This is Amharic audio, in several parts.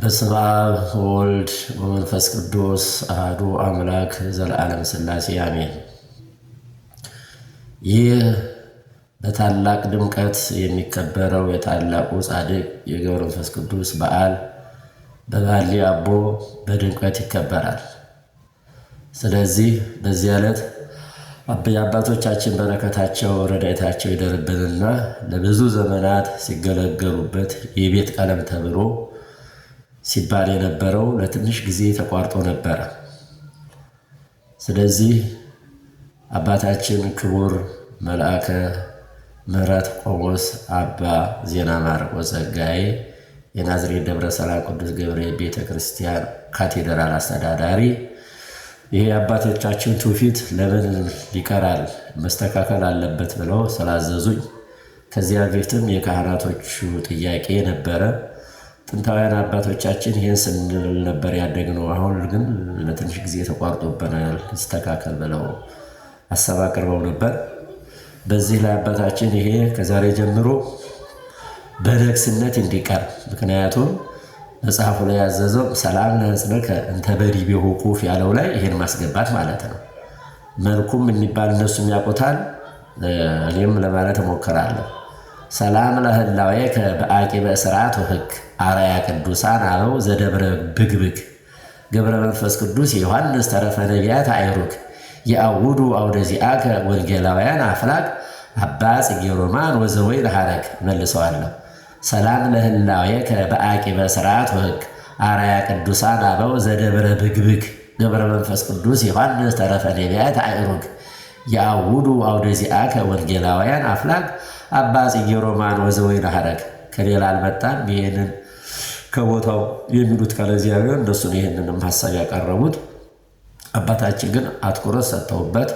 በስመ አብ ወልድ ወመንፈስ ቅዱስ አህዱ አምላክ ዘለዓለም ሥላሴ አሜን። ይህ በታላቅ ድምቀት የሚከበረው የታላቁ ጻድቅ የገብረ መንፈስ ቅዱስ በዓል በባሊ አቦ በድምቀት ይከበራል። ስለዚህ በዚህ ዕለት የአባቶቻችን በረከታቸው ረዳይታቸው ይደርብንና ለብዙ ዘመናት ሲገለገሉበት የቤት ቀለም ተብሎ ሲባል የነበረው ለትንሽ ጊዜ ተቋርጦ ነበረ። ስለዚህ አባታችን ክቡር መልአከ ምሕረት ቆሞስ አባ ዜና ማርቆስ ጸጋዬ የናዝሬት ደብረ ሰላም ቅዱስ ገብርኤል ቤተ ክርስቲያን ካቴድራል አስተዳዳሪ፣ ይሄ የአባቶቻችን ትውፊት ለምን ይቀራል መስተካከል አለበት ብለው ስላዘዙኝ ከዚያ በፊትም የካህናቶቹ ጥያቄ ነበረ። ጥንታውያን አባቶቻችን ይህን ስንል ነበር ያደግነው። አሁን ግን ለትንሽ ጊዜ ተቋርጦብናል፣ ይስተካከል ብለው ሀሳብ አቅርበው ነበር። በዚህ ላይ አባታችን ይሄ ከዛሬ ጀምሮ በነግስነት እንዲቀር ምክንያቱም መጽሐፉ ላይ ያዘዘው ሰላም ለሕዝብከ እንተ በዲቤሁ ያለው ላይ ይሄን ማስገባት ማለት ነው። መልኩም የሚባል እነሱም ያውቁታል። እኔም ለማለት እሞክራለሁ። ሰላም ለህላዌከ በአቂበ ስርዓት ወህግ አርአያ ቅዱሳን አበው ዘደብረ ብግብግ ገብረ መንፈስ ቅዱስ የዮሐንስ ተረፈ ነቢያት አይሩክ የአውዱ አውደ ዚአከ ወንጌላውያን አፍላቅ አባ ጽጌ ሮማን ወዘወይ ለሐረግ መልሰዋለሁ። ሰላም ለህላዌከ በአቂበ ስርዓት ወህግ አርአያ ቅዱሳን አበው ዘደብረ ብግብግ ገብረ መንፈስ ቅዱስ ዮሐንስ ተረፈ ነቢያት አይሩክ የአውዱ አውደ ዚአከ ወንጌላውያን አፍላቅ አባ ጽጌ ሮማን ወዘወይን ሀረግ ከሌላ አልመጣም። ይህንን ከቦታው የሚሉት ከለዚያ ቢሆን እነሱን ይህንንም ሀሳብ ያቀረቡት አባታችን ግን አትኩረት ሰጥተውበት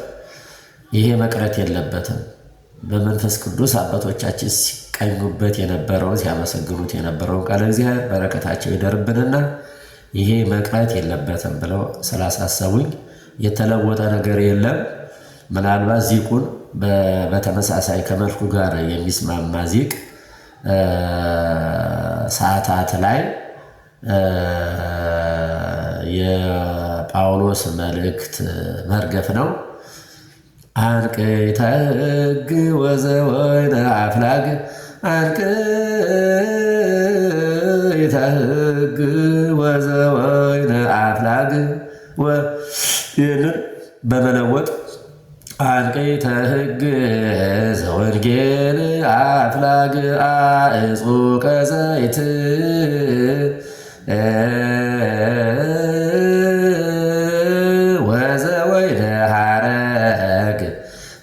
ይሄ መቅረት የለበትም በመንፈስ ቅዱስ አባቶቻችን ሲቀኙበት የነበረውን ሲያመሰግኑት የነበረውን ቃለ እግዚአብሔር በረከታቸው ይደርብንና ይሄ መቅረት የለበትም ብለው ስላሳሰቡኝ የተለወጠ ነገር የለም። ምናልባት ዚቁን በተመሳሳይ ከመልኩ ጋር የሚስማማ ዚቅ ሰዓታት ላይ የጳውሎስ መልእክት መርገፍ ነው። አንቅዕተ ሕግ ወዘወይነ አፍላግ አንቅዕተ ሕግ ወዘወይነ አፍላግ ይህንን በመለወጥ አልቀይተ ሕግ ዘወንጌል አፍላግ አእጹ ቀዘይት ወዘወይነ ሐረግ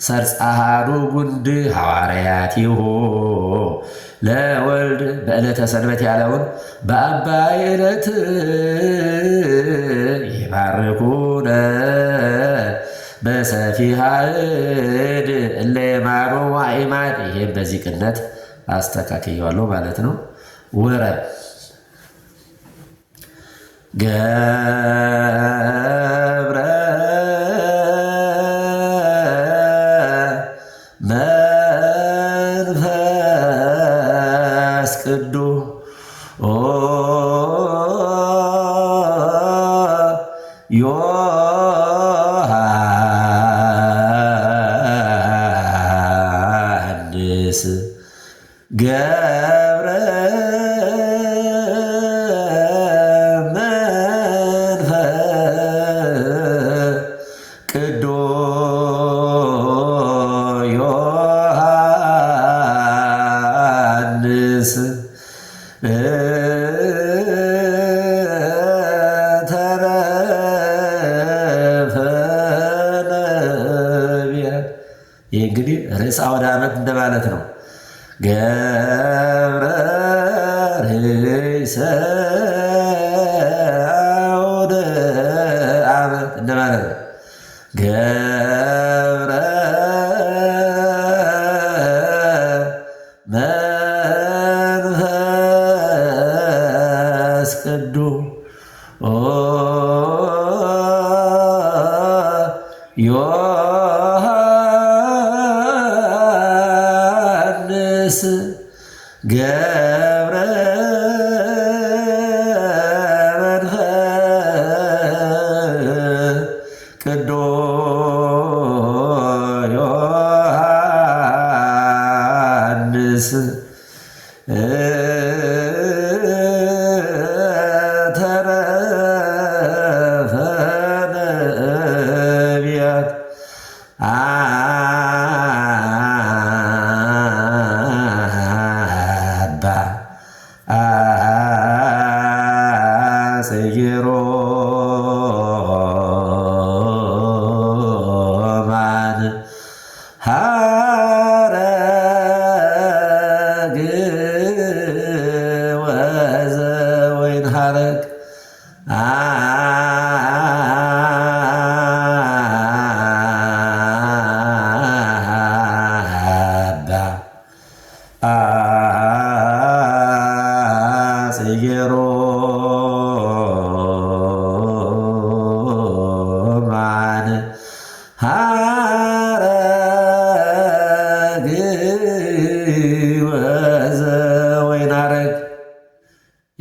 ሰርጻሃኑ ጉንድ ሐዋርያት ለወልድ በዕለተ ሰንበት ያለውን በአባይ ዕለት ይባርኩነ በሰፊሃድ እድ እለየማሮ ዋይማድ ይሄም በዚህ ቅነት አስተካክየዋለሁ ማለት ነው። ወረ ገብረ መንፈስ ቅዱ ይህ እንግዲህ ርዕሰ አውደ ዓመት እንደማለት ነው። ገብረ ርዕሰ አውደ ዓመት እንደማለት ነው። ገብረ መንፈስ ቅዱስ ዮ ቅዱስ ገ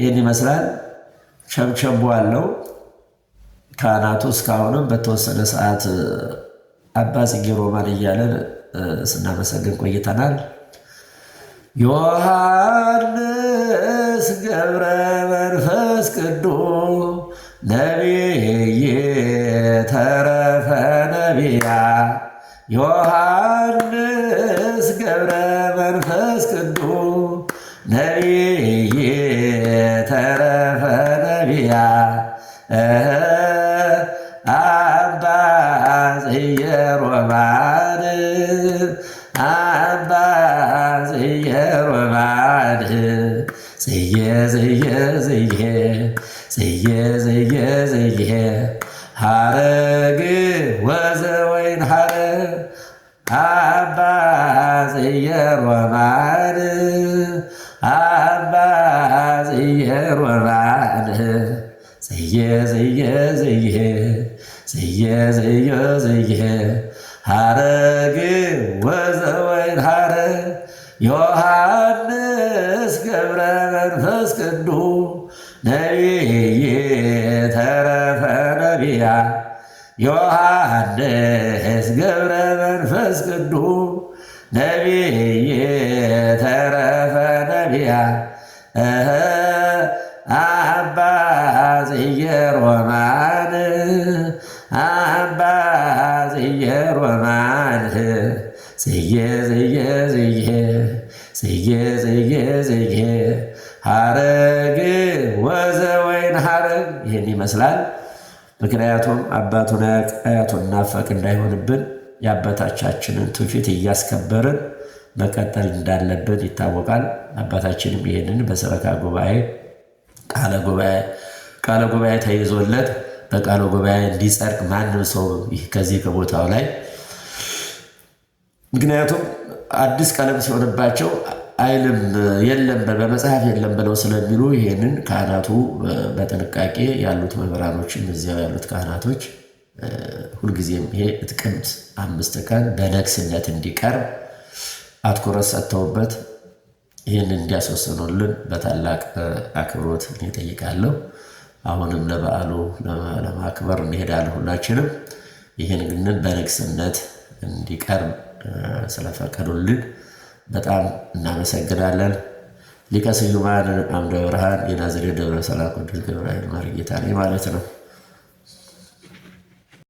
ይህን ይመስላል። ቸብቸቦ አለው። ካህናቱ እስካሁንም በተወሰነ ሰዓት አባ ጽጌ ሮማን እያለን ስናመሰግን ቆይተናል። ዮሐንስ ገብረ መንፈስ ቅዱስ ነቢይ ተረፈ ነቢያ ዮሐንስ ገብረ አባ ዘየሮባድ አባ ዘየሮባድ ዝየ ዝየ ዝየ ዝየ ዝየ ዝየ ሐረግ ወዘወይን ሐረግ አባ ዘየሮባድ አባ ዘየሮባድ ዝየ ዝየ ዝየ ዝየ ዝዮ ዝየ ሐረግ ወዘወይን ሐረ ዮሐንስ ገብረ መንፈስ ቅዱ ነቢይ ተረፈ ነቢያ ዮሐንስ ገብረ መንፈስ ቅዱ ነቢይ ተረፈ ነቢያ ጽዬ ጽዬ ጽዬ ጽዬ ጽዬ ጽዬ ሐረግ ወዘወይን ሐረግ ይህን ይመስላል። ምክንያቱም አባቱን አያቱን ናፈቅ እንዳይሆንብን የአባታቻችንን ትውፊት እያስከበርን መቀጠል እንዳለብን ይታወቃል። አባታችንም ይህንን በሰበካ ጉባኤ ቃለ ጉባኤ ተይዞለት በቃለ ጉባኤ እንዲጸድቅ ማንም ሰው ከዚህ ከቦታው ላይ ምክንያቱም አዲስ ቀለም ሲሆንባቸው አይልም የለም በመጽሐፍ የለም ብለው ስለሚሉ ይሄንን ካህናቱ በጥንቃቄ ያሉት መምህራኖችም እዚያው ያሉት ካህናቶች ሁልጊዜም ይሄ ጥቅምት አምስት ቀን በነግስነት እንዲቀርብ አትኩረት ሰጥተውበት ይህን እንዲያስወስኑልን በታላቅ አክብሮት እጠይቃለሁ። አሁንም ለበዓሉ ለማክበር እንሄዳለን። ሁላችንም ይህን ግን በነግስነት እንዲቀርብ ስለፈቀዱልን በጣም እናመሰግናለን። ሊቀ ስዩማን አምደ ብርሃን የናዝሬት ደብረ ሰላም ቅዱስ ገብርኤል መርጌታ ላይ ማለት ነው።